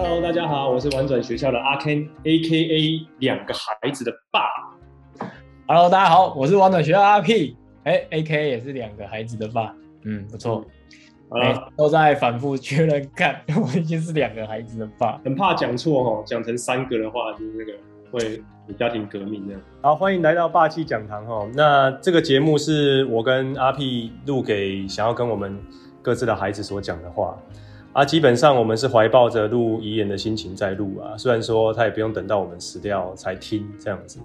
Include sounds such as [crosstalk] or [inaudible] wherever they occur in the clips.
Hello，大家好，我是玩轉學校的阿 Ken，A.K.A 兩個孩子的爸。Hello，大家好，我是玩轉學校阿 P，A.K.A 也是兩個孩子的爸。嗯，不錯，哎、嗯啊欸，都在反覆確認看，我已經是兩個孩子的爸，很怕講錯哦，講成三個的話，就是那個會有家庭革命的。好，歡迎來到爸氣講堂哦。那這個節目是我跟阿 P 錄給想要跟我們各自的孩子所講的話。啊，基本上我們是懷抱着錄遺言的心情在錄啊，雖然說他也不用等到我們死掉才聽這樣子。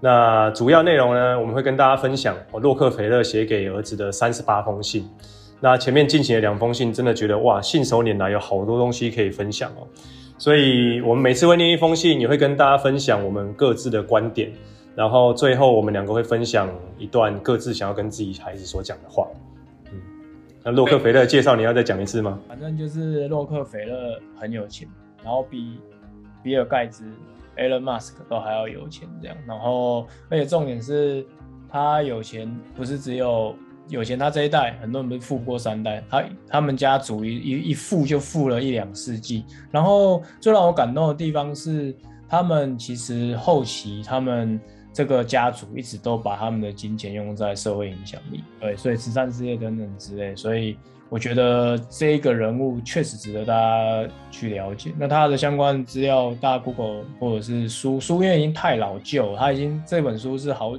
那主要內容呢，我們會跟大家分享。哦，洛克菲勒寫給兒子的三十八封信。那前面進行了兩封信，真的覺得哇，信手拈來，有好多東西可以分享哦。所以我們每次會念一封信，也會跟大家分享我們各自的觀點。然後最後我們兩個會分享一段各自想要跟自己孩子所講的話。那洛克菲勒介紹你要再講一次嗎？反正就是洛克菲勒很有錢，然後比比爾蓋茨、Elon Musk 都還要有錢這樣。然後，而且重點是他有錢，不是只有有錢，他這一代很多人不是富不過三代，他他們家族一一一富就富了一兩世紀。然後最讓我感動的地方是，他們其實後期他們。這個家族一直都把他們的金錢用在社會影響力，對，所以慈善事業等等之類。所以我覺得這一個人物確實值得大家去了解。那他的相關資料，大家 Google 或者是書，書因為已經太老舊，他已經這本書是好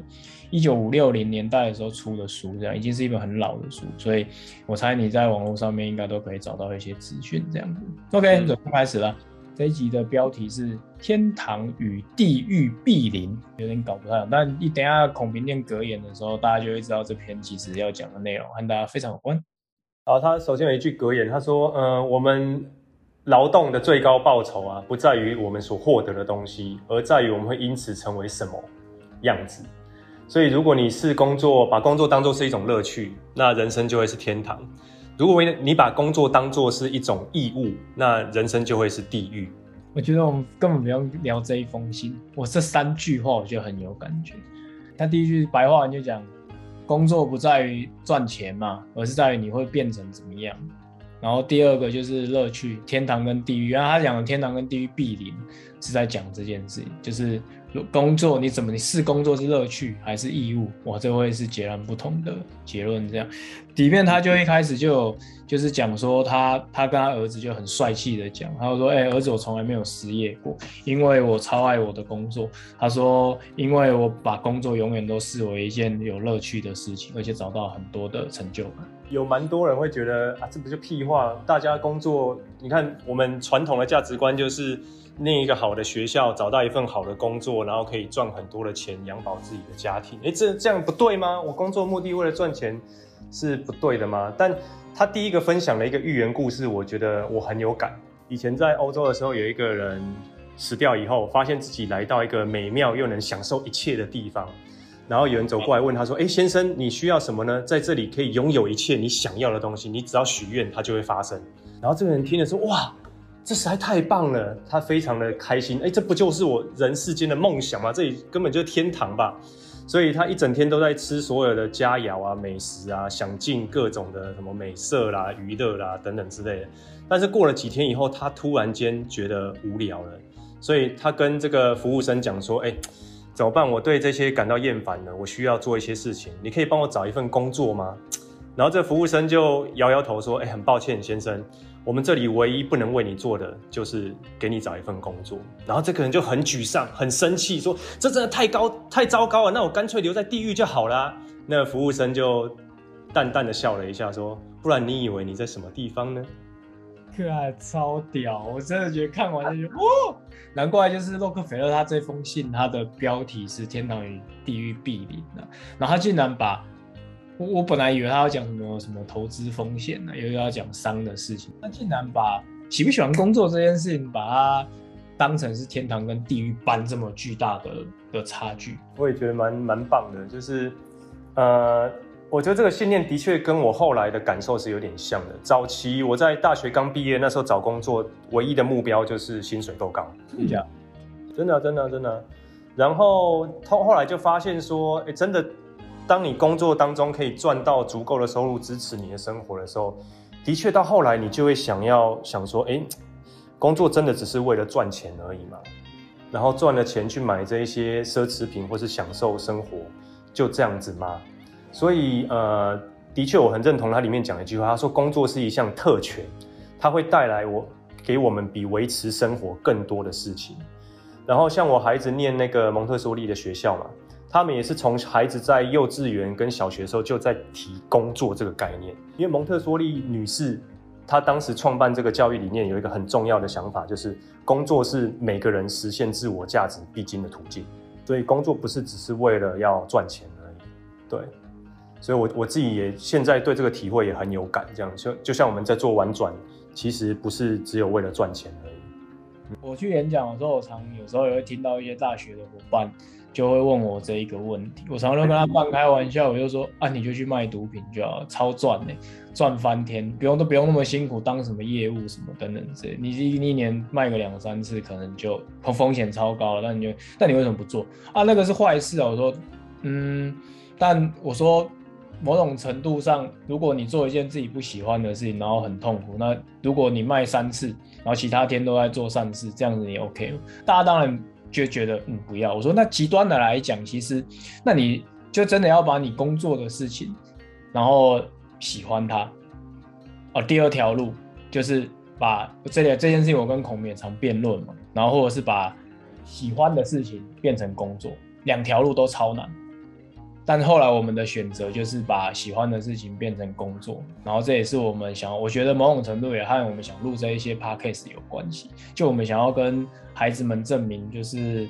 一九五六零年代的時候出的書，這樣已經是一本很老的書，所以我猜你在網絡上面應該都可以找到一些資訊這樣子。OK，準備開始了。嗯這一集的標題是《天堂與地獄毗鄰》，有點搞不太懂，但你等一下孔平念格言的時候，大家就會知道這篇其實要講的內容和大家非常有關。然後他首先有一句格言，他說：“嗯、呃，我們勞動的最高報酬啊，不在於我們所獲得的東西，而在於我們會因此成為什麼樣子。所以，如果你是工作，把工作當做是一種樂趣，那人生就會是天堂。”如果你把工作當做是一種義務，那人生就會是地獄。我覺得我們根本不用聊這一封信。我這三句話我覺得很有感覺。他第一句白話就講，工作不在於賺錢嘛，而是在於你會變成怎麼樣。然後第二個就是樂趣，天堂跟地獄。原來他講的天堂跟地獄毗鄰，是在講這件事情，就是。工作你怎麼？你是工作是樂趣還是義務？我這會是截然不同的結論。這樣，底片他就一開始就就是講說他他跟他兒子就很帥氣的講，他就說：“哎、欸，兒子，我從來沒有失業過，因為我超愛我的工作。”他說：“因為我把工作永遠都視為一件有樂趣的事情，而且找到很多的成就感。”有蠻多人會覺得啊，這不就屁話？大家工作，你看我們傳統的價值觀就是。另一個好的學校，找到一份好的工作，然後可以賺很多的錢，養飽自己的家庭。哎，這這樣不對嗎？我工作目的為了賺錢，是不對的嗎？但他第一個分享的一個寓言故事，我覺得我很有感。以前在歐洲的時候，有一個人死掉以後，發現自己來到一個美妙又能享受一切的地方。然後有人走過來問他說：“哎，先生，你需要什麼呢？在這裡可以擁有一切你想要的東西，你只要許願，它就會發生。”然後這個人聽了說：“哇！”這實在太棒了，他非常的開心。哎，這不就是我人世間的夢想嗎？這裡根本就是天堂吧！所以他一整天都在吃所有的佳肴啊、美食啊，想盡各種的什麼美色啦、娛樂啦等等之類的。但是過了幾天以後，他突然間覺得無聊了，所以他跟這個服務生講說：“哎，怎麼辦？我對這些感到厭煩了，我需要做一些事情。你可以幫我找一份工作嗎？”然後這服務生就搖搖頭說：“哎，很抱歉，先生。”我們這裡唯一不能為你做的，就是給你找一份工作。然後這個人就很沮喪、很生氣，說：“這真的太高、太糟糕了，那我乾脆留在地獄就好了。”那個、服務生就淡淡的笑了一下，說：“不然你以為你在什麼地方呢？”可愛超屌！我真的覺得看完就覺得哦，難怪就是洛克菲勒他這封信，他的標題是《天堂與地獄毗鄰》啊，然後他竟然把。我我本來以為他要講什麼什麼投資風險呢、啊，又要講商的事情，那竟然把喜不喜歡工作這件事情，把它當成是天堂跟地獄般這麼巨大的的差距，我也覺得蠻蠻棒的，就是，呃，我覺得這個信念的確跟我後來的感受是有點像的。早期我在大學剛畢業那時候找工作，唯一的目標就是薪水夠高、嗯，真啊。是這樣、啊，真的真的真的。然後後後來就發現說，哎、欸，真的。當你工作當中可以賺到足夠的收入支持你的生活的時候，的確到後來你就會想要想說，哎、欸，工作真的只是為了賺錢而已嘛？然後賺了錢去買這一些奢侈品或是享受生活，就這樣子嗎？所以呃，的確我很認同他裡面講的一句話，他說，工作是一項特權，它會帶來我給我們比維持生活更多的事情。然後像我孩子念那個蒙特梭利的學校嘛。他們也是從孩子在幼稚園跟小學的時候就在提工作這個概念，因為蒙特梭利女士她當時創辦這個教育理念有一個很重要的想法，就是工作是每個人實現自我價值必經的途徑，所以工作不是只是為了要賺錢而已。對，所以我我自己也現在對這個體會也很有感，這樣就就像我們在做玩轉，其實不是只有為了賺錢而已。嗯。我去演講的時候，我常有時候也會聽到一些大學的伙伴。嗯。就會問我這一個問題，我常常跟他半開玩笑，我就說啊，你就去賣毒品，就好了超賺嘞，賺翻天，不用都不用那麼辛苦，當什麼業務什麼等等，這你一一年賣個兩三次，可能就風險超高了。那你就但你為什麼不做啊？「那個是壞事啊。」我說，嗯，但我說，某種程度上，如果你做一件自己不喜歡的事情，然後很痛苦，那如果你賣三次，然後其他天都在做善事，這樣子也 OK。大家當然。就覺得嗯，不要，我說，那極端的來講，其實，那你就真的要把你工作的事情，然後喜歡它。哦，第二條路就是把這這件事情，我跟孔明常辯論嘛，然後或者是把喜歡的事情變成工作，兩條路都超難。但後來我們的選擇就是把喜歡的事情變成工作，然後這也是我們想要，我覺得某種程度也和我們想錄這一些 podcast 有關係。就我們想要跟孩子們證明，就是，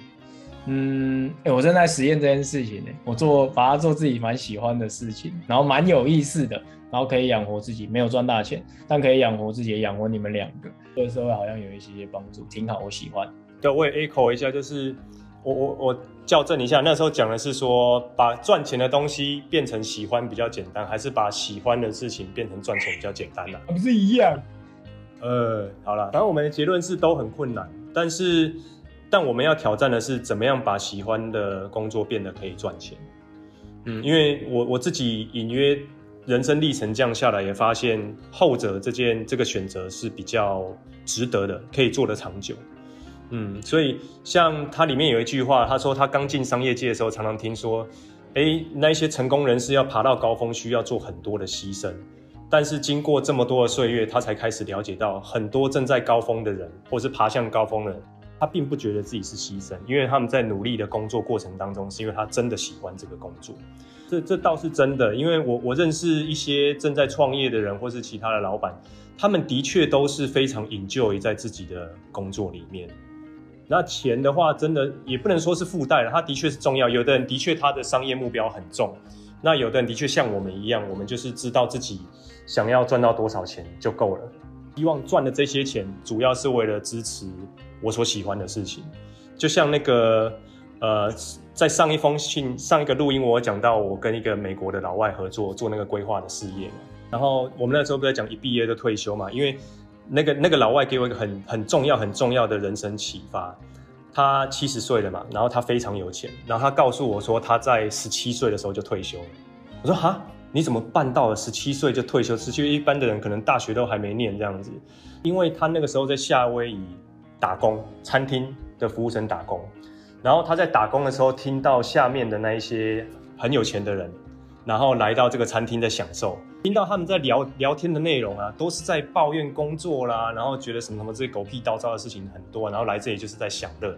嗯，欸、我正在實驗這件事情呢、欸，我做，把它做自己蠻喜歡的事情，然後蠻有意思的，然後可以養活自己，沒有賺大錢，但可以養活自己，養活你們兩個，對社會好像有一些些幫助，挺好，我喜歡的。對，我也 echo 一下，就是。我我我校正一下，那時候講的是說，把賺錢的東西變成喜歡比較簡單，還是把喜歡的事情變成賺錢比較簡單呢、啊啊？不是一樣。呃，好了，反正我們的結論是都很困難，但是，但我們要挑戰的是，怎麼樣把喜歡的工作變得可以賺錢。嗯，因為我我自己隱約人生歷程降下來，也發現後者這件這個選擇是比較值得的，可以做得長久。嗯，所以像他裡面有一句話，他說他剛進商業界的時候常常聽說，哎，那一些成功人士要爬到高峰需要做很多的犧牲，但是經過這麼多的歲月，他才開始了解到，很多正在高峰的人，或是爬向高峰的人，他並不覺得自己是犧牲，因為他們在努力的工作過程當中，是因為他真的喜歡這個工作。這這倒是真的，因為我我認識一些正在創業的人，或是其他的老闆，他們的確都是非常 enjoy 在自己的工作裡面。那錢的話，真的也不能說是附帶了，它的確是重要。有的人的確他的商業目標很重，那有的人的確像我們一樣，我們就是知道自己想要賺到多少錢就夠了。希望賺的這些錢，主要是為了支持我所喜歡的事情。就像那個呃，在上一封信、上一個錄音，我有講到我跟一個美國的老外合作做那個規劃的事業。然後我們那時候不是講一畢業就退休嘛，因為那個那個老外給我一個很很重要、很重要的人生啟發。他七十歲了嘛，然後他非常有錢，然後他告訴我說，他在十七歲的時候就退休了。我說哈，你怎麼辦到了十七歲就退休？其實一般的人可能大學都還沒念這樣子，因為他那個時候在夏威夷打工，餐廳的服務生打工，然後他在打工的時候聽到下面的那一些很有錢的人。然後來到這個餐廳在享受，聽到他們在聊聊天的內容啊，都是在抱怨工作啦，然後覺得什麼什麼這些狗屁倒灶的事情很多，然後來這裡就是在享樂。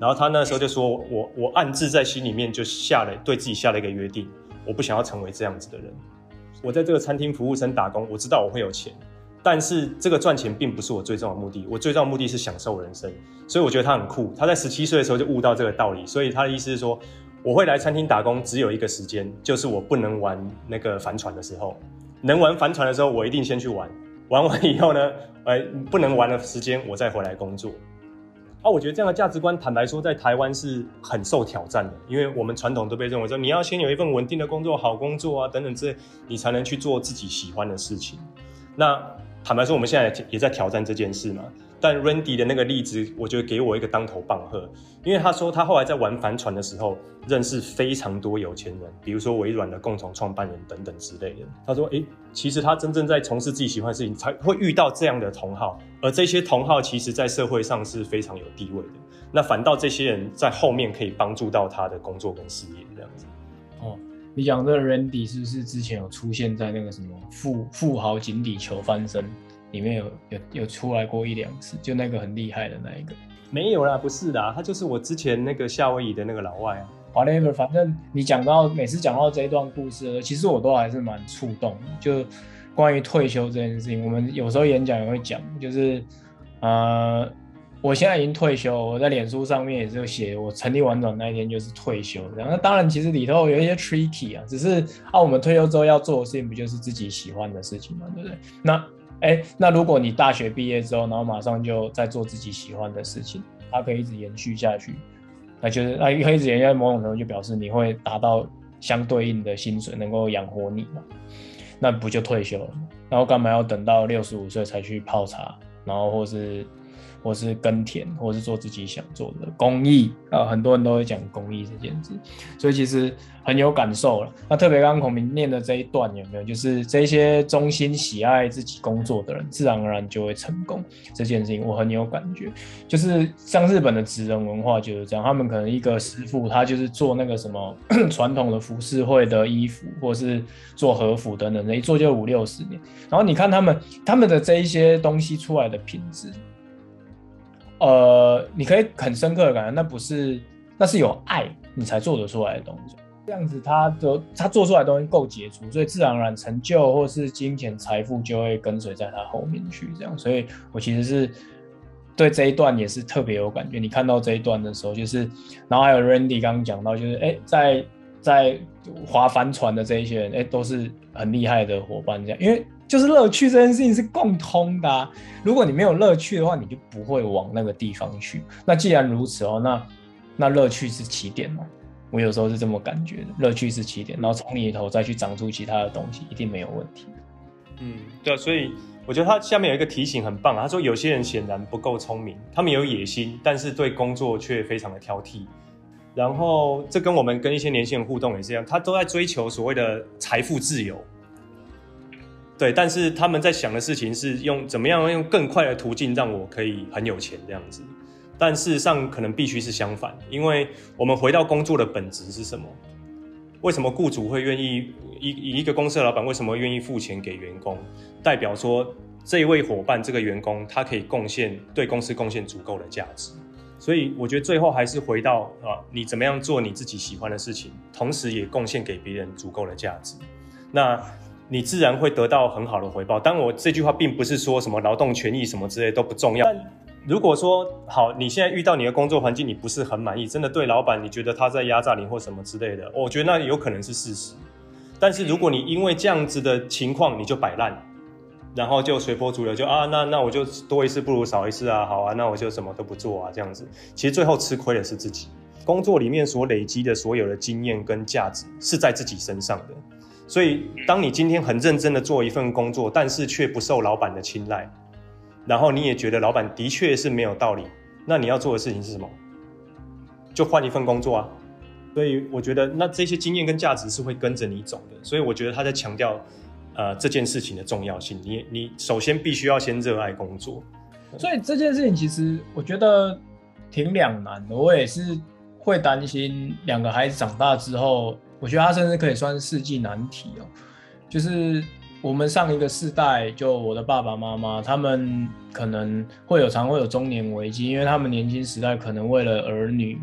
然後他那時候就說，我我暗自在心裡面就下了對自己下了一個約定，我不想要成為這樣子的人。我在這個餐廳服務生打工，我知道我會有錢，但是這個賺錢並不是我最重要的目的，我最重要的目的是享受人生。所以我覺得他很酷，他在十七歲的時候就悟到這個道理，所以他的意思是說。我會來餐廳打工，只有一個時間，就是我不能玩那個帆船的時候。能玩帆船的時候，我一定先去玩。玩完以後呢，哎，不能玩的時間，我再回來工作。啊、哦，我覺得這樣的價值觀，坦白說，在台灣是很受挑戰的，因為我們傳統都被認為說，你要先有一份穩定的工作、好工作啊等等之類，這你才能去做自己喜歡的事情。那坦白說，我們現在也在挑戰這件事嘛。但 Randy 的那個例子，我覺得給我一個當頭棒喝，因為他說他後來在玩帆船的時候，認識非常多有錢人，比如說微軟的共同創辦人等等之類的。他說，哎、欸，其實他真正在從事自己喜歡的事情，才會遇到這樣的同好，而這些同好其實在社會上是非常有地位的。那反倒這些人在後面可以幫助到他的工作跟事業，這樣子。哦，你講這個 Randy 是不是之前有出現在那個什麼富富豪井底求翻身？裡面有有有出來過一兩次，就那個很厲害的那一個，沒有啦，不是啦，他就是我之前那個夏威夷的那個老外啊。Whatever，反正你講到每次講到這一段故事的時候，其實我都還是蠻觸動。就關於退休這件事情，我們有時候演講也會講，就是呃，我現在已經退休，我在臉書上面也就寫我成立玩轉那一天就是退休的。然後當然其實裡頭有一些 tricky 啊，只是啊我們退休之後要做的事情不就是自己喜歡的事情嘛，對不對？那。哎、欸，那如果你大學畢業之後，然後馬上就在做自己喜歡的事情，它可以一直延續下去，那就是它可以一直延續，某種程度就表示你會達到相對應的薪水，能夠養活你嘛，那不就退休了？然後幹嘛要等到六十五歲才去泡茶，然後或是？或是耕田，或是做自己想做的公益，啊，很多人都會講公益這件事，所以其實很有感受了。那特別剛剛孔明念的這一段有沒有？就是這些衷心喜愛自己工作的人，自然而然就會成功，這件事情我很有感覺，就是像日本的職人文化就是這樣，他們可能一個師傅，他就是做那個什麼傳 [coughs] 統的服飾會的衣服，或是做和服等等，一做就五六十年。然後你看他們他們的這一些東西出來的品質。呃，你可以很深刻的感覺，那不是，那是有愛你才做得出來的東西。這樣子他，他的他做出來的東西夠傑出，所以自然而然成就或是金錢財富就會跟隨在他後面去。這樣，所以我其實是對這一段也是特別有感覺。你看到這一段的時候，就是，然後還有 Randy 剛剛講到，就是，哎、欸，在在划帆船的這一些人，哎、欸，都是很厲害的伙伴。這樣，因為。就是樂趣這件事情是共通的啊，如果你沒有樂趣的話，你就不會往那個地方去。那既然如此哦喔，那那樂趣是起點嘛喔？我有時候是這麼感覺的，樂趣是起點，然後從裡頭再去長出其他的東西，一定沒有問題。嗯，對啊，所以我覺得他下面有一個提醒很棒啊，他說有些人顯然不夠聰明，他們有野心，但是對工作卻非常的挑剔。然後這跟我們跟一些年輕人互動也是一樣，他都在追求所謂的財富自由。對，但是他們在想的事情是用怎麼樣用更快的途徑讓我可以很有錢這樣子，但事實上可能必須是相反，因為我們回到工作的本質是什麼？為什麼雇主會願意，一一個公司的老板為什麼願意付錢給員工，代表說這一位伙伴這個員工他可以貢獻對公司貢獻足夠的價值，所以我覺得最後還是回到啊，你怎麼樣做你自己喜歡的事情，同時也貢獻給別人足夠的價值，那。你自然會得到很好的回報。但我這句話並不是說什麼勞動權益什麼之類都不重要。但如果說好，你現在遇到你的工作環境，你不是很滿意，真的對老板你覺得他在壓榨你或什麼之類的，哦，我覺得那有可能是事實。但是如果你因為這樣子的情況你就擺爛，然後就隨波逐流就，就啊那那我就多一事不如少一事啊，好啊那我就什麼都不做啊這樣子，其實最後吃虧的是自己。工作裡面所累積的所有的經驗跟價值是在自己身上的。所以，當你今天很認真的做一份工作，但是卻不受老闆的青睞，然後你也覺得老闆的確是沒有道理，那你要做的事情是什麼？就換一份工作啊！所以我覺得，那這些經驗跟價值是會跟着你走的。所以我覺得他在強調，呃，這件事情的重要性。你你首先必須要先熱愛工作。所以這件事情其實我覺得挺兩難的。我也是會擔心兩個孩子長大之後。我覺得他甚至可以算是世紀難題哦，就是我們上一個世代，就我的爸爸媽媽，他們可能會有常會有中年危機，因為他們年輕時代可能為了兒女，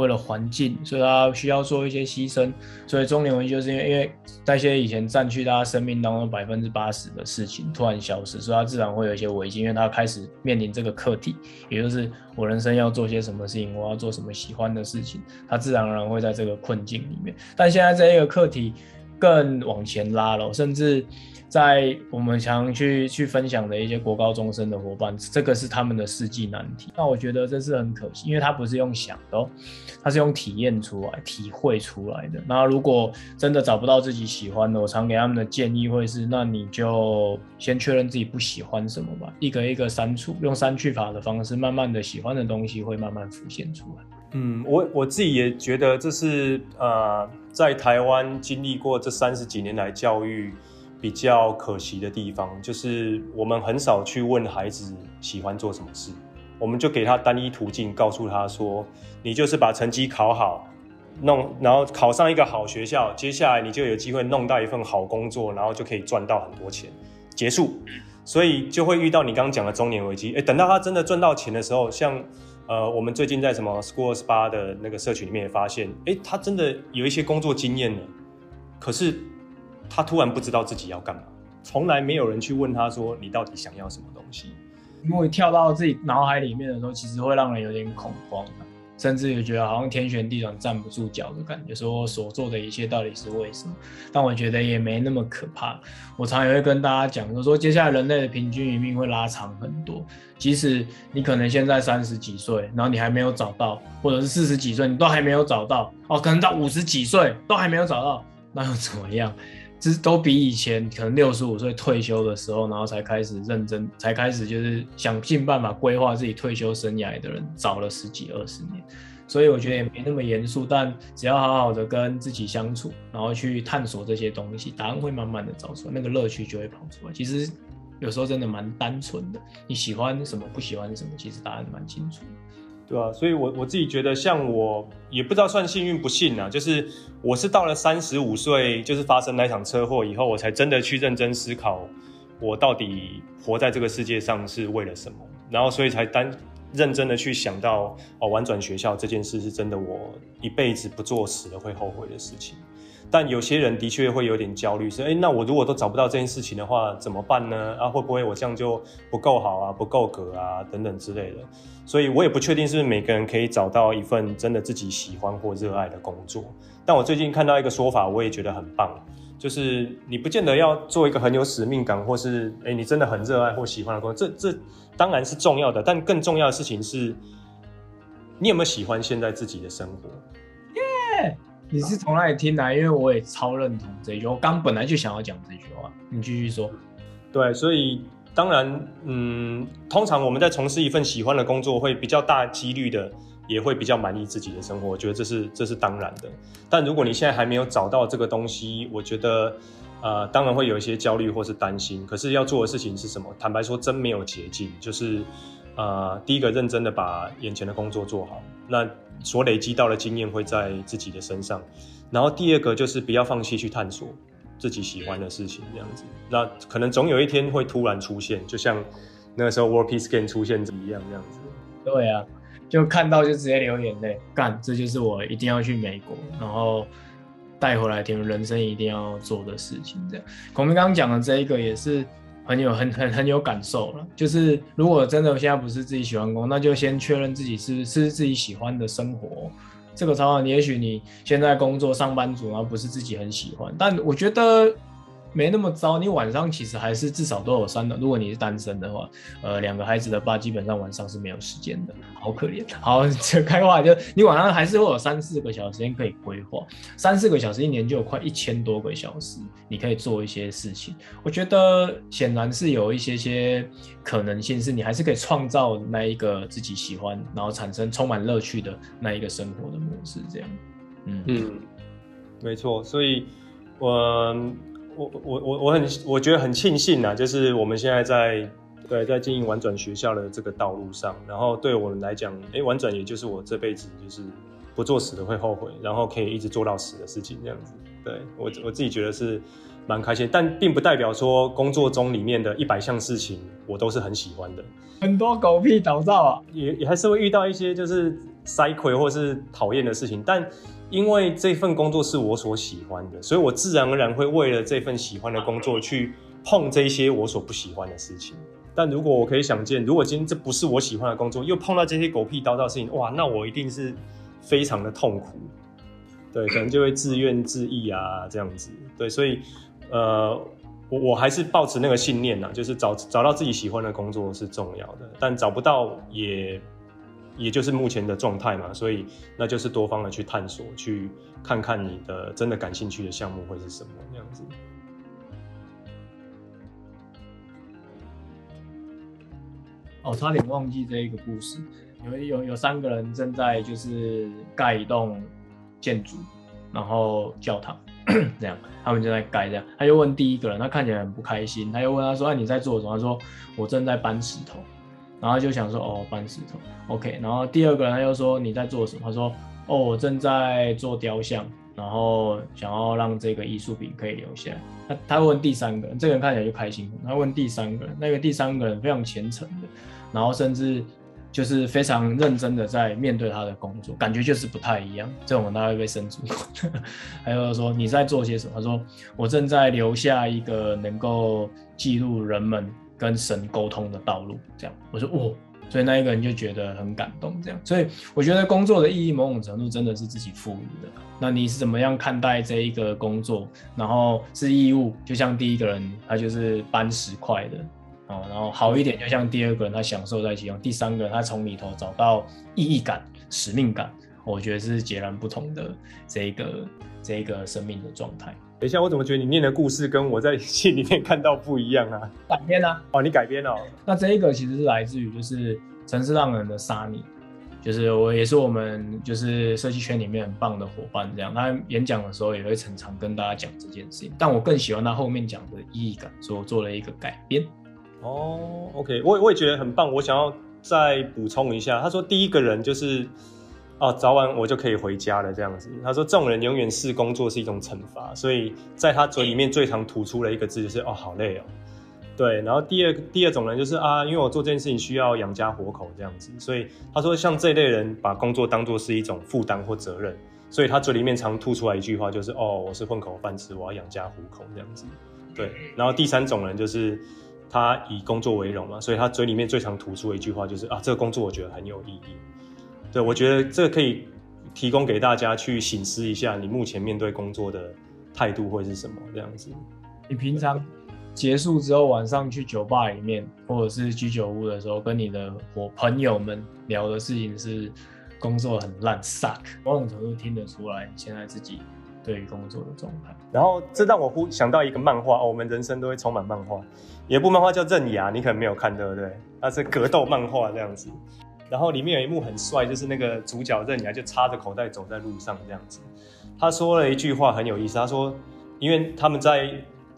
為了環境，所以他需要做一些犧牲。所以中年危機就是因為，因為那些以前佔據他生命當中百分之八十的事情突然消失，所以他自然會有一些危機，因為他開始面臨這個課題，也就是我人生要做些什麼事情，我要做什麼喜歡的事情，他自然而然會在這個困境裡面。但現在這一個課題更往前拉了，甚至。在我們想去去分享的一些國高中生的夥伴，這個是他們的世紀難題。那我覺得這是很可惜，因為他不是用想的喔，他是用體驗出來、體會出來的。那如果真的找不到自己喜歡的，我常給他們的建議會是：那你就先確認自己不喜歡什麼吧，一個一個刪除，用刪去法的方式，慢慢的喜歡的東西會慢慢浮現出來。嗯，我我自己也覺得這是呃，在台灣經歷過這三十幾年來教育，比較可惜的地方就是，我們很少去問孩子喜歡做什麼事，我們就給他單一途徑，告訴他說，你就是把成績考好，弄，然後考上一個好學校，接下來你就有機會弄到一份好工作，然後就可以賺到很多錢，結束。所以就會遇到你剛剛講的中年危機，欸，等到他真的賺到錢的時候，像呃，我們最近在什麼 School Spa 的那個社群裡面也發現，哎，欸，他真的有一些工作經驗了，可是。他突然不知道自己要幹嘛，從來沒有人去問他說：“你到底想要什麼東西？”因為跳到自己腦海裡面的時候，其實會讓人有點恐慌，甚至也覺得好像天旋地轉、站不住腳的感覺。說所做的一切到底是為什麼？但我覺得也沒那麼可怕。我常也會跟大家講，就說接下來人類的平均餘命會拉長很多。即使你可能現在三十幾歲，然後你還沒有找到，或者是四十幾歲你都還沒有找到，哦，可能到五十幾歲都還沒有找到，那又怎麼樣？都比以前可能六十五歲退休的時候，然後才開始認真，才開始就是想盡辦法規劃自己退休生涯的人，早了十幾二十年，所以我覺得也沒那麼嚴肅，但只要好好的跟自己相處，然後去探索這些東西，答案會慢慢的找出來，那個樂趣就會跑出來。其實有時候真的蠻單純的，你喜歡什麼不喜歡什麼，其實答案蠻清楚的。對吧？所以我，我我自己覺得，像我也不知道算幸運不幸啊，就是我是到了三十五歲，就是發生那場車禍以後，我才真的去認真思考，我到底活在這個世界上是為了什麼，然後所以才單認真的去想到，哦，玩轉學校這件事是真的，我一輩子不做死了會後悔的事情。但有些人的確會有點焦慮，是、欸、哎，那我如果都找不到這件事情的話，怎麼辦呢？啊，會不會我這樣就不夠好啊，不夠格啊，等等之類的。所以我也不確定是不是每個人可以找到一份真的自己喜歡或熱愛的工作。但我最近看到一個說法，我也覺得很棒，就是你不見得要做一個很有使命感，或是哎、欸，你真的很熱愛或喜歡的工作。這這當然是重要的，但更重要的事情是，你有沒有喜歡現在自己的生活？耶！Yeah! 你是從哪裡聽來啊？因為我也超認同這句話，我剛本來就想要講這句話。你繼續說，對，所以當然，嗯，通常我們在從事一份喜歡的工作，會比較大幾率的，也會比較滿意自己的生活，我覺得這是這是當然的。但如果你現在還沒有找到這個東西，我覺得，呃，當然會有一些焦慮或是擔心。可是要做的事情是什麼？坦白說，真沒有捷徑，就是。啊、呃，第一個認真的把眼前的工作做好，那所累積到的經驗會在自己的身上。然後第二個就是不要放棄去探索自己喜歡的事情，這樣子。那可能總有一天會突然出現，就像那個時候 World Peace Game 出現一樣，這樣子。對啊，就看到就直接流眼淚，幹，這就是我一定要去美國，然後帶回來聽人生一定要做的事情。這樣，孔明剛剛講的這一個也是。很有很很很有感受了，就是如果真的現在不是自己喜歡工，那就先確認自己是是自己喜歡的生活、這個狀況，你也許你現在工作上班族啊，然後不是自己很喜歡，但我覺得。沒那麼糟，你晚上其實還是至少都有三個，如果你是單身的話，呃，兩個孩子的爸基本上晚上是沒有時間的，好可憐。好扯開話就，就你晚上還是會有三四個小時時間可以規劃，三四個小時一年就有快一千多個小時，你可以做一些事情。我覺得顯然是有一些些可能性，是你還是可以創造那一個自己喜歡，然後產生充滿樂趣的那一個生活的模式這樣。嗯嗯，沒錯，所以我。嗯我我我我很我覺得很慶幸啊，就是我們現在在對在經營玩轉學校的這個道路上，然後對我們來講，哎、欸，玩轉也就是我這輩子就是不做死的會後悔，然後可以一直做到死的事情這樣子。對，我我自己覺得是蠻開心，但並不代表說工作中裡面的一百項事情我都是很喜歡的。很多狗屁倒灶啊，也也還是會遇到一些就是。塞虧或是討厭的事情，但因為這份工作是我所喜歡的，所以我自然而然會為了這份喜歡的工作去碰這些我所不喜歡的事情。但如果我可以想見，如果今天這不是我喜歡的工作，又碰到這些狗屁倒灶的事情，哇，那我一定是非常的痛苦。對，可能就會自怨自艾啊，這樣子。對，所以呃，我我還是抱持那個信念吶，就是找找到自己喜歡的工作是重要的，但找不到也。也就是目前的狀態嘛，所以那就是多方的去探索，去看看你的真的感興趣的項目會是什麼那樣子。哦，差點忘記這一個故事，有有有三個人正在就是蓋一棟建築，然後教堂 [coughs] 這樣，他們正在蓋這樣。他又問第一個人，他看起來很不開心，他又問他說，啊：“你在做什麼？”他說：“我正在搬石頭。”然後就想說，哦，搬石頭，OK。然後第二個人他又說，你在做什麼？他說，哦，我正在做雕像，然後想要讓這個藝術品可以留下來。他他問第三個，這個人看起來就開心。他問第三個人，那個第三個人非常虔誠的，然後甚至就是非常認真的在面對他的工作，感覺就是不太一樣。這種人大概被升職過 [laughs] 他會被升職。還有說你在做些什麼？他說，我正在留下一個能夠記錄人們。跟神溝通的道路，這樣。我說哇、哦，所以那一個人就覺得很感動，這樣，所以我覺得工作的意義某種程度真的是自己賦予的。那你是怎麼樣看待這一個工作，然後是義務？就像第一個人他就是搬石塊的哦，然後好一點，就像第二個人他享受在其中，第三個人他從裡頭找到意義感、使命感，我覺得是截然不同的這一個這一個生命的狀態。等一下，我怎麼覺得你念的故事跟我在戲裡面看到不一樣啊？改編啊！哦，你改編了哦。那這一個其實是來自於就是《城市浪人》的沙尼，就是我也是我們就是設計圈裡面很棒的夥伴，這樣他演講的時候也會常常跟大家講這件事情。但我更喜歡他後面講的意義感，所以我做了一個改編。哦，oh，OK，我我也覺得很棒。我想要再補充一下，他說第一個人就是。哦，早晚我就可以回家了，這樣子。他說，這種人永遠是工作是一種懲罰，所以在他嘴裡面最常吐出的一個字就是“哦，好累哦”。對。然後第二第二種人就是啊，因為我做這件事情需要養家活口，這樣子，所以他說像這類人把工作當做是一種負擔或責任，所以他嘴裡面常吐出來一句話就是“哦，我是混口飯吃，我要養家糊口”這樣子。對。然後第三種人就是他以工作為榮嘛，所以他嘴裡面最常吐出的一句話就是“啊，這個工作我覺得很有意義”。我覺得這可以提供給大家去省思一下，你目前面對工作的態度會是什麼這樣子。你平常結束之後晚上去酒吧裡面或者是居酒屋的時候，跟你的夥朋友們聊的事情是工作很爛，suck，某種程度聽得出來你現在自己對於工作的狀態。然後這讓我忽想到一個漫畫，哦，我們人生都會充滿漫畫，有一部漫畫叫《刃牙》，你可能沒有看到，對不對？那、啊、是格鬥漫畫這樣子。然後裡面有一幕很帥，就是那個主角刃牙就插着口袋走在路上這樣子。他說了一句話很有意思，他說，因為他們在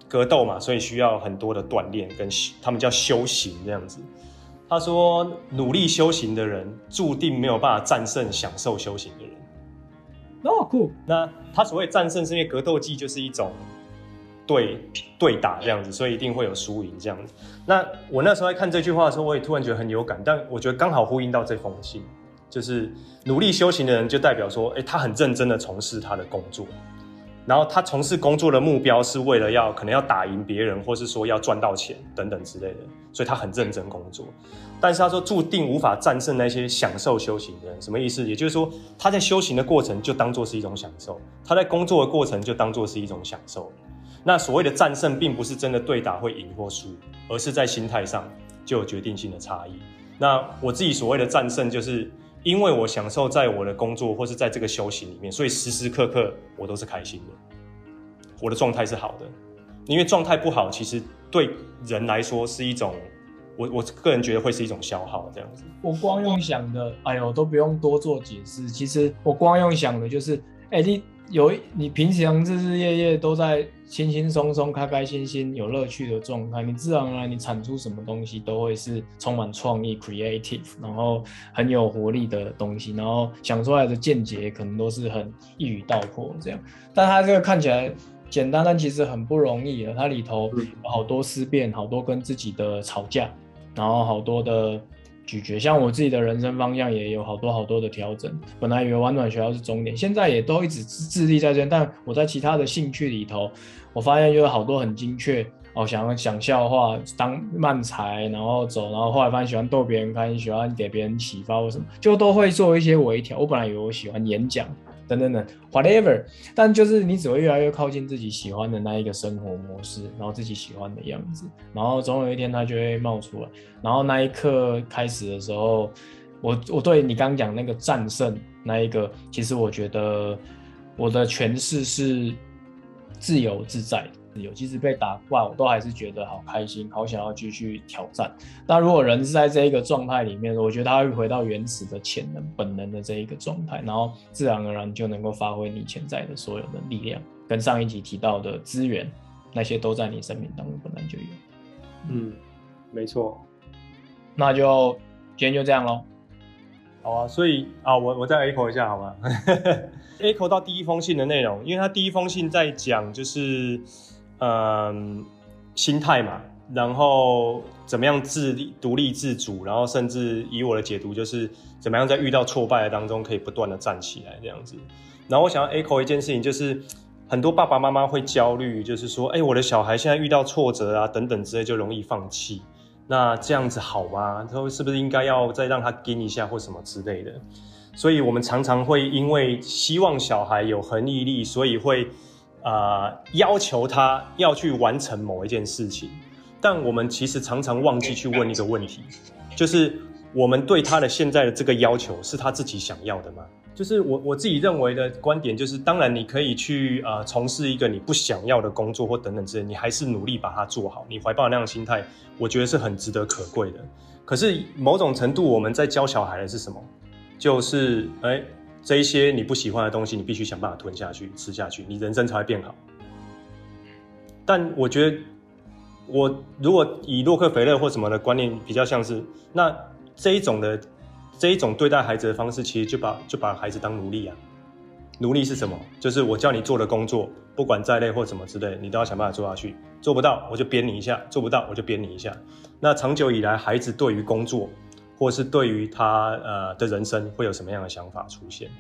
格鬥嘛，所以需要很多的鍛鍊跟他們叫修行這樣子。他說，努力修行的人注定沒有辦法戰勝享受修行的人。那 o、oh, cool。那他所謂戰勝是因為格鬥技就是一種。對對打這樣子，所以一定會有輸贏這樣子。那我那時候在看這句話的時候，我也突然覺得很有感。但我覺得剛好呼應到這封信，就是努力修行的人，就代表說，哎、欸，他很認真的從事他的工作。然後他從事工作的目標是為了要可能要打贏別人，或是說要賺到錢等等之類的。所以他很認真工作。但是他說注定無法戰勝那些享受修行的人，什麼意思？也就是說他在修行的過程就當做是一種享受，他在工作的過程就當做是一種享受。那所謂的戰勝，並不是真的對打會贏或輸，而是在心態上就有決定性的差異。那我自己所謂的戰勝，就是因為我享受在我的工作或是在這個休息裡面，所以時時刻刻我都是開心的，我的狀態是好的。因為狀態不好，其實對人來說是一種，我我個人覺得會是一種消耗。這樣子，我光用想的，哎呦，都不用多做解釋。其實我光用想的，就是，哎、欸，你。有一你平常日日夜夜都在輕輕鬆鬆、開開心心、有樂趣的狀態，你自然而然你產出什麼東西都會是充滿創意、creative，然後很有活力的東西，然後想出來的見解可能都是很一語道破這樣。但它這個看起來簡單，但其實很不容易的，它裡頭好多思辨，好多跟自己的吵架，然後好多的。咀嚼，像我自己的人生方向也有好多好多的調整。本來以為玩轉學校是終點，現在也都一直致力在這。但我在其他的興趣裡頭，我發現又有好多很精確哦，想想講笑話當漫才，然後走，然後後來發現喜歡逗別人開心，喜歡給別人啟發或什麼，就都會做一些微調。我本來以為我喜歡演講。等等等，whatever，但就是你只會越來越靠近自己喜歡的那一個生活模式，然後自己喜歡的樣子，然後總有一天它就會冒出來，然後那一刻開始的時候，我我對你剛剛講那個戰勝那一個，其實我覺得我的詮釋是自由自在。有，即使被打掛，我都還是覺得好開心，好想要繼續挑戰。但如果人是在這一個狀態裡面，我覺得他會回到原始的潛能、本能的這一個狀態，然後自然而然就能夠發揮你潛在的所有的力量。跟上一集提到的資源，那些都在你生命當中本來就有。嗯，沒錯錯。那就今天就這樣嘍。好啊，所以啊，我我再 echo 一下好嗎 [laughs] ？echo 到第一封信的內容，因為他第一封信在講就是。嗯，心態嘛，然後怎麼樣自獨立自主，然後甚至以我的解讀就是怎麼樣在遇到挫敗的當中可以不斷的站起來這樣子。然後我想要 echo 一件事情，就是很多爸爸媽媽會焦慮，就是說，哎、欸，我的小孩現在遇到挫折啊等等之類就容易放棄，那這樣子好嗎？他是不是應該要再讓他 g 一下或什麼之類的？所以我們常常會因為希望小孩有恆毅力，所以會。啊、呃，要求他要去完成某一件事情，但我們其實常常忘記去問一個問題，就是我們對他的現在的這個要求是他自己想要的嗎？就是我我自己認為的觀點，就是當然你可以去啊從事一個你不想要的工作或等等之類，你還是努力把它做好，你懷抱那樣的心態，我覺得是很值得可貴的。可是某種程度，我們在教小孩的是什麼？就是哎，欸這一些你不喜歡的東西，你必須想辦法吞下去、吃下去，你人生才會變好。但我覺得，我如果以洛克菲勒或什麼的觀念，比較像是那這一種的這一種對待孩子的方式，其實就把就把孩子當奴隸啊。奴隸是什麼？就是我叫你做的工作，不管再累或什麼之類，你都要想辦法做下去。做不到，我就鞭你一下；做不到，我就鞭你一下。那長久以來，孩子對於工作，或是對於他呃的人生會有什麼樣的想法出現？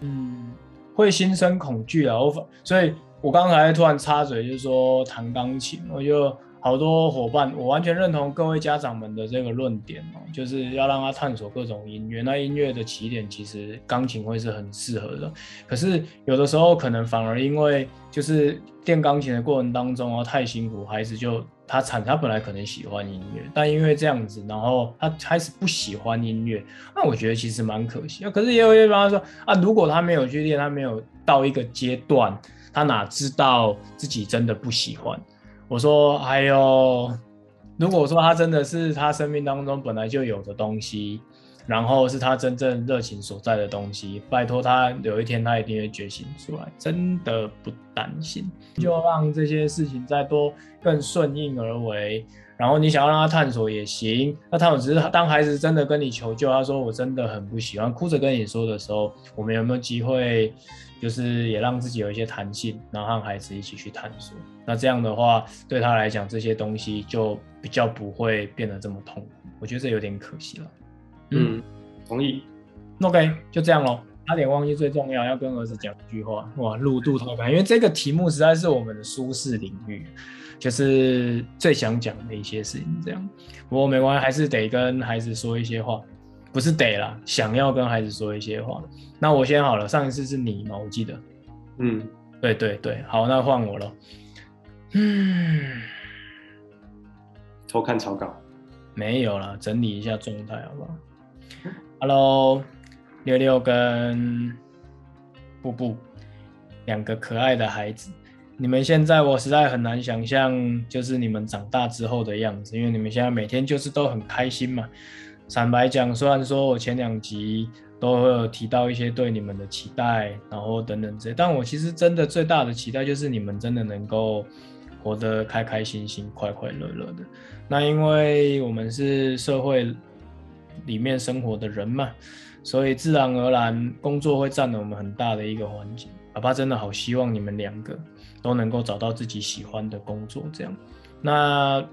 嗯，會心生恐懼啊！我所以，我剛才突然插嘴，就是說彈鋼琴，我就好多伙伴，我完全認同各位家長們的這個論點哦、喔，就是要讓他探索各種音樂，那音樂的起點其實鋼琴會是很適合的。可是有的時候可能反而因為就是練鋼琴的過程當中、喔、太辛苦，孩子就。他慘，他本來可能喜歡音樂，但因為這樣子，然後他開始不喜歡音樂。那我覺得其實蠻可惜。可是也有一些人說啊，如果他沒有去練，他沒有到一個階段，他哪知道自己真的不喜歡？我說還有，如果說他真的是他生命當中本來就有的東西。然後是他真正熱情所在的東西，拜托他，有一天他一定會覺醒出來，真的不擔心。就讓這些事情再多更順應而為，然後你想要讓他探索也行。那探索只是當孩子真的跟你求救，他說我真的很不喜歡，哭着跟你說的時候，我們有沒有機會，就是也讓自己有一些彈性，然後和孩子一起去探索。那這樣的話，對他來講這些東西就比較不會變得這麼痛苦。我覺得這有點可惜了。嗯，同意。OK，就這樣嘍。差點忘記最重要，要跟兒子講一句話。哇，路度投盤，因為這個題目實在是我們的舒適領域，就是最想講的一些事情。這樣，不過我沒關係，還是得跟孩子說一些話，不是得啦，想要跟孩子說一些話。那我先好了，上一次是你嘛？我記得。嗯，對對對，好，那換我咯。嗯，偷看草稿，沒有啦，整理一下狀態好不好，好吧？Hello，六六跟布布兩個可愛的孩子，你們現在我實在很難想象，就是你們長大之後的樣子，因為你們現在每天就是都很開心嘛。坦白講，雖然說我前兩集都會有提到一些對你們的期待，然後等等這些，但我其實真的最大的期待就是你們真的能夠活得開開心心、快快樂樂的。那因為我們是社會。裡面生活的人嘛，所以自然而然工作會占了我們很大的一個環境。爸爸真的好希望你們兩個都能夠找到自己喜歡的工作，這樣。那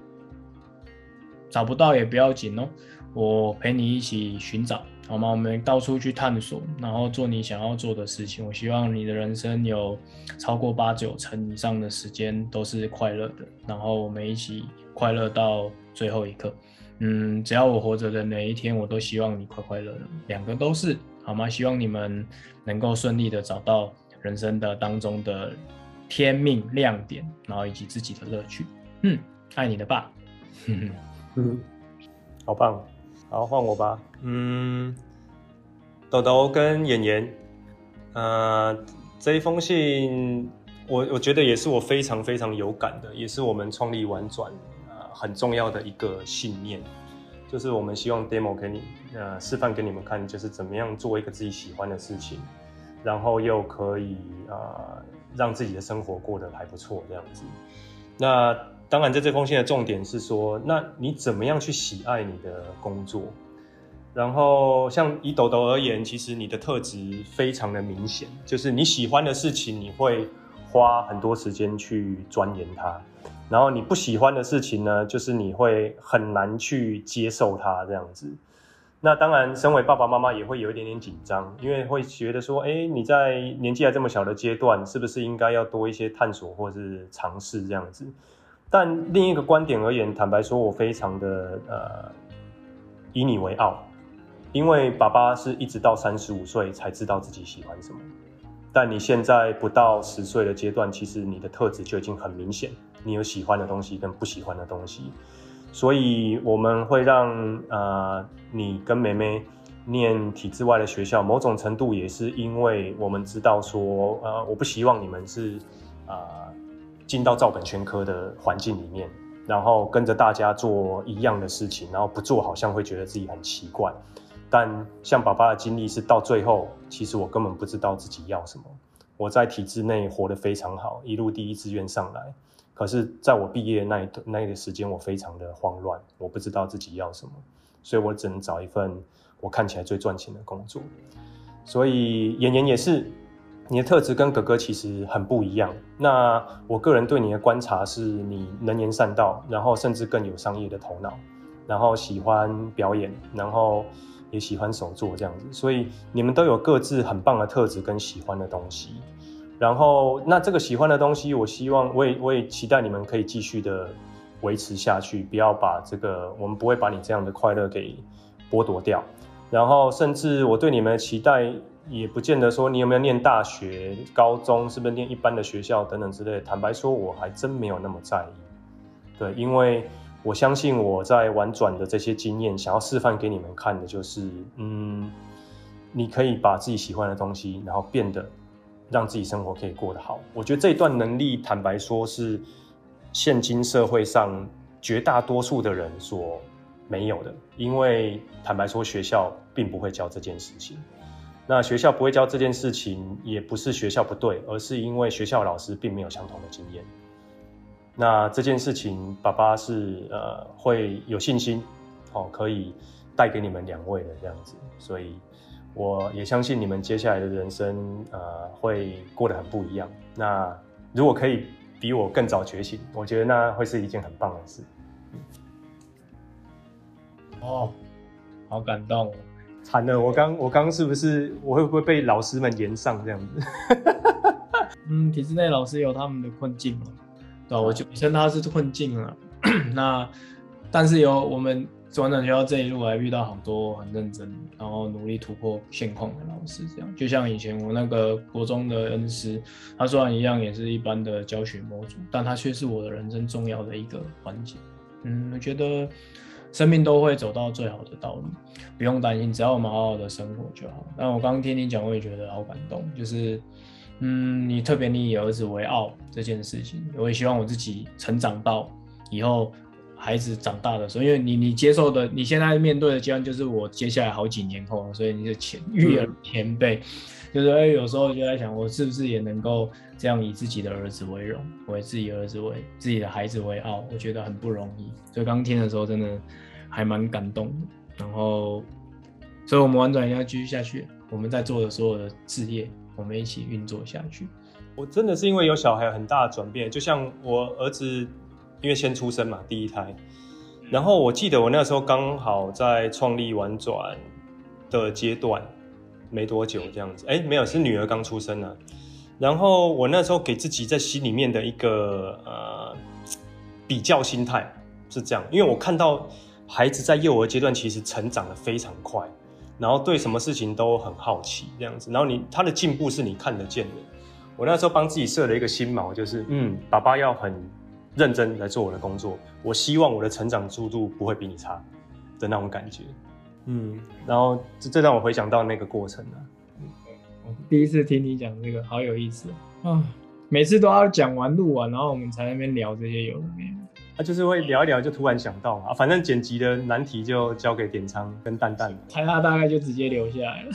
找不到也不要緊哦，我陪你一起尋找，好嗎？我們到處去探索，然後做你想要做的事情。我希望你的人生有超過八九成以上的時間都是快樂的，然後我們一起快樂到最後一刻。嗯，只要我活着的每一天，我都希望你快快樂樂，兩個都是好嗎？希望你們能夠順利的找到人生的當中的天命亮點，然後以及自己的樂趣。嗯，愛你的爸。嗯嗯，好棒哦！好，換我吧。嗯，豆豆跟妍妍，呃，這一封信，我我覺得也是我非常非常有感的，也是我們創立玩轉。很重要的一個信念，就是我們希望 demo 給你，呃、示範給你們看，就是怎麼樣做一個自己喜歡的事情，然後又可以啊、呃、讓自己的生活過得還不錯這樣子。那當然在這封信的重點是說，那你怎麼樣去喜愛你的工作？然後像以抖抖而言，其實你的特質非常的明顯，就是你喜歡的事情，你會花很多時間去鑽研它。然後你不喜歡的事情呢，就是你會很難去接受它這樣子。那當然，身為爸爸媽媽也會有一點點緊張，因為會覺得說，哎、欸，你在年紀還這麼小的階段，是不是應該要多一些探索或是嘗試這樣子？但另一個觀點而言，坦白說，我非常的呃以你為傲，因為爸爸是一直到三十五歲才知道自己喜歡什麼，但你現在不到十歲的階段，其實你的特質就已經很明顯。你有喜歡的東西跟不喜歡的東西，所以我們會讓呃你跟妹妹念體制外的學校，某種程度也是因為我們知道說，呃，我不希望你們是啊、呃、進到照本宣科的環境裡面，然後跟着大家做一樣的事情，然後不做好像會覺得自己很奇怪。但像爸爸的經歷是到最後，其實我根本不知道自己要什麼。我在體制內活得非常好，一路第一志願上來。可是，在我畢業那一段那個時間，我非常的慌亂，我不知道自己要什麼，所以我只能找一份我看起來最賺錢的工作。所以，妍妍也是，你的特質跟哥哥其實很不一樣。那我個人對你的觀察是，你能言善道，然後甚至更有商業的頭腦，然後喜歡表演，然後。也喜歡手作這樣子，所以你們都有各自很棒的特質跟喜歡的東西。然後，那這個喜歡的東西，我希望我也我也期待你們可以繼續的維持下去，不要把這個，我們不會把你這樣的快樂給剝奪掉。然後，甚至我對你們的期待，也不見得說你有沒有念大學、高中，是不是念一般的學校等等之類。坦白說，我還真沒有那麼在意。對，因為。我相信我在玩轉的這些經驗，想要示範給你們看的就是，嗯，你可以把自己喜歡的東西，然後變得讓自己生活可以過得好。我覺得這一段能力，坦白說，是現今社會上絕大多數的人所沒有的。因為坦白說，學校並不會教這件事情。那學校不會教這件事情，也不是學校不對，而是因為學校老師並沒有相同的經驗。那這件事情，爸爸是呃會有信心，哦、可以帶給你們兩位的這樣子，所以我也相信你們接下來的人生呃會過得很不一樣。那如果可以比我更早覺醒，我覺得那會是一件很棒的事。哦，好感動，慘了，對 我剛我剛是不是我會不會被老師們炎上這樣子？ [laughs] 嗯，體制內老師有他們的困境。我就本他是困境了，啊， [coughs] 那但是有我們玩轉學校這一路，還遇到好多很認真，然後努力突破現況的老師，這樣就像以前我那個國中的恩師，他雖然一樣也是一般的教學模組，但他卻是我的人生重要的一個環節。嗯，我覺得生命都會走到最好的道路，不用擔心，只要我們好好的生活就好。那我剛剛聽你講，我也覺得好感動，就是。嗯，你特別你以兒子為傲這件事情，我也希望我自己成長到以後孩子長大的時候，因為你你接受的你現在面對的階段就是我接下來好幾年後，所以你的前育兒前輩、嗯、就是，哎、欸，有時候就在想，我是不是也能夠這樣以自己的兒子為榮，我自己兒子為自己的孩子為傲？我覺得很不容易，所以剛聽的時候真的還蠻感動的。然後，所以我們玩轉一下，繼續下去，我們在做的所有的事業。我們一起運作下去。我真的是因為有小孩有很大的轉變，就像我兒子，因為先出生嘛，第一胎。然後我記得我那時候剛好在創立玩轉的階段沒多久這樣子，哎、欸，沒有，是女兒剛出生啊，然後我那時候給自己在心裡面的一個呃比較心態是這樣，因為我看到孩子在幼兒階段其實成長得非常快。然後對什麼事情都很好奇，這樣子。然後你他的進步是你看得見的。我那時候幫自己設了一個心錨，就是嗯，爸爸要很認真來做我的工作。我希望我的成長速度不會比你差的那種感覺。嗯，然後這讓我回想到那個過程了啊。第一次聽你講這個，好有意思啊、喔！每次都要講完錄完，然後我們才在那邊聊這些，有沒有？他就是會聊一聊，就突然想到、啊、反正剪輯的難題就交給點倉跟蛋蛋了。猜他大概就直接留下來了，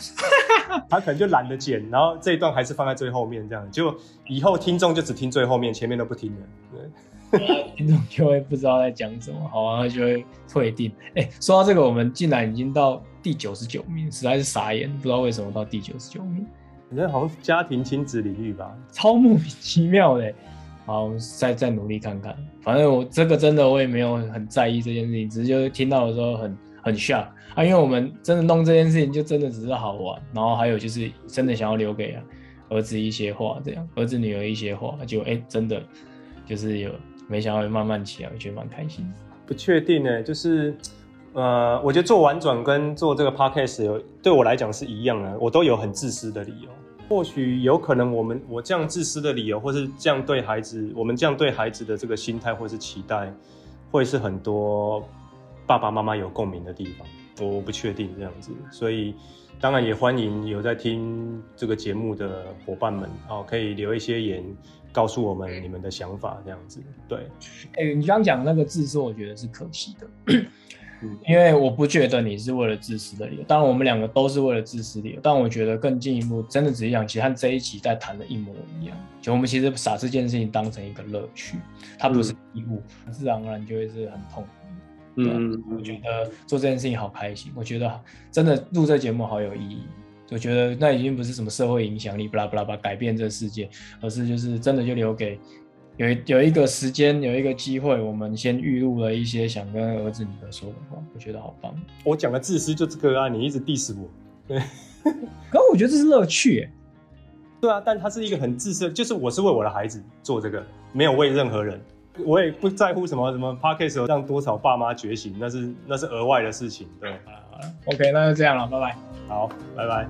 [laughs] 他可能就懶得剪，然後這一段還是放在最後面，這樣就以後聽眾就只聽最後面，前面都不聽了。對 [laughs] 聽眾就會不知道在講什麼，好、啊，然後就會退訂、欸。說到這個，我們竟然已經到第九十九名，實在是傻眼，不知道為什麼到第九十九名。我覺得好，好像家庭親子領域吧，超莫名其妙的好，再再努力看看。反正我這個真的我也沒有很在意這件事情，只是就聽到的時候很很嚇啊。因為我們真的弄這件事情就真的只是好玩，然後還有就是真的想要留給兒子一些話，這樣兒子女兒一些話，就哎、欸、真的就是有沒想到慢慢起來，我覺得蠻開心。不確定呢、欸，就是呃，我覺得做玩轉跟做這個 podcast 有對我來講是一樣的、啊，我都有很自私的理由。或許有可能，我們我這樣自私的理由，或是這樣對孩子，我們這樣對孩子的這個心態，或是期待，會是很多爸爸媽媽有共鳴的地方。我不確定這樣子，所以當然也歡迎有在聽這個節目的夥伴們哦、喔，可以留一些言，告訴我們你們的想法這樣子。對，哎、欸，你剛講那個自作，我覺得是可惜的。 [coughs] 嗯、因為我不覺得你是為了自私的理由，當然我們兩個都是為了自私理由，但我覺得更進一步，真的只是講，其實和這一集在談的一模一樣，就我們其實把這件事情當成一個樂趣，它不是義務，自然而然就會是很痛苦。對，嗯，我覺得做這件事情好開心，我覺得真的錄這節目好有意義，我覺得那已經不是什麼社會影響力巴拉巴拉巴拉改變這世界，而是就是真的就留給。有有一個時間，有一個機會，我們先預錄了一些想跟兒子、女兒說的話，我覺得好棒。我講的自私就這個啊，你一直 diss 我。對， [laughs] 可是我覺得這是樂趣耶。對啊，但他是一個很自私，就是我是為我的孩子做這個，沒有為任何人，我也不在乎什麼什麼 podcast 讓多少爸媽覺醒，那是那是額外的事情。對、嗯、好啦好啦，OK，那就這樣了，拜拜。好，拜拜。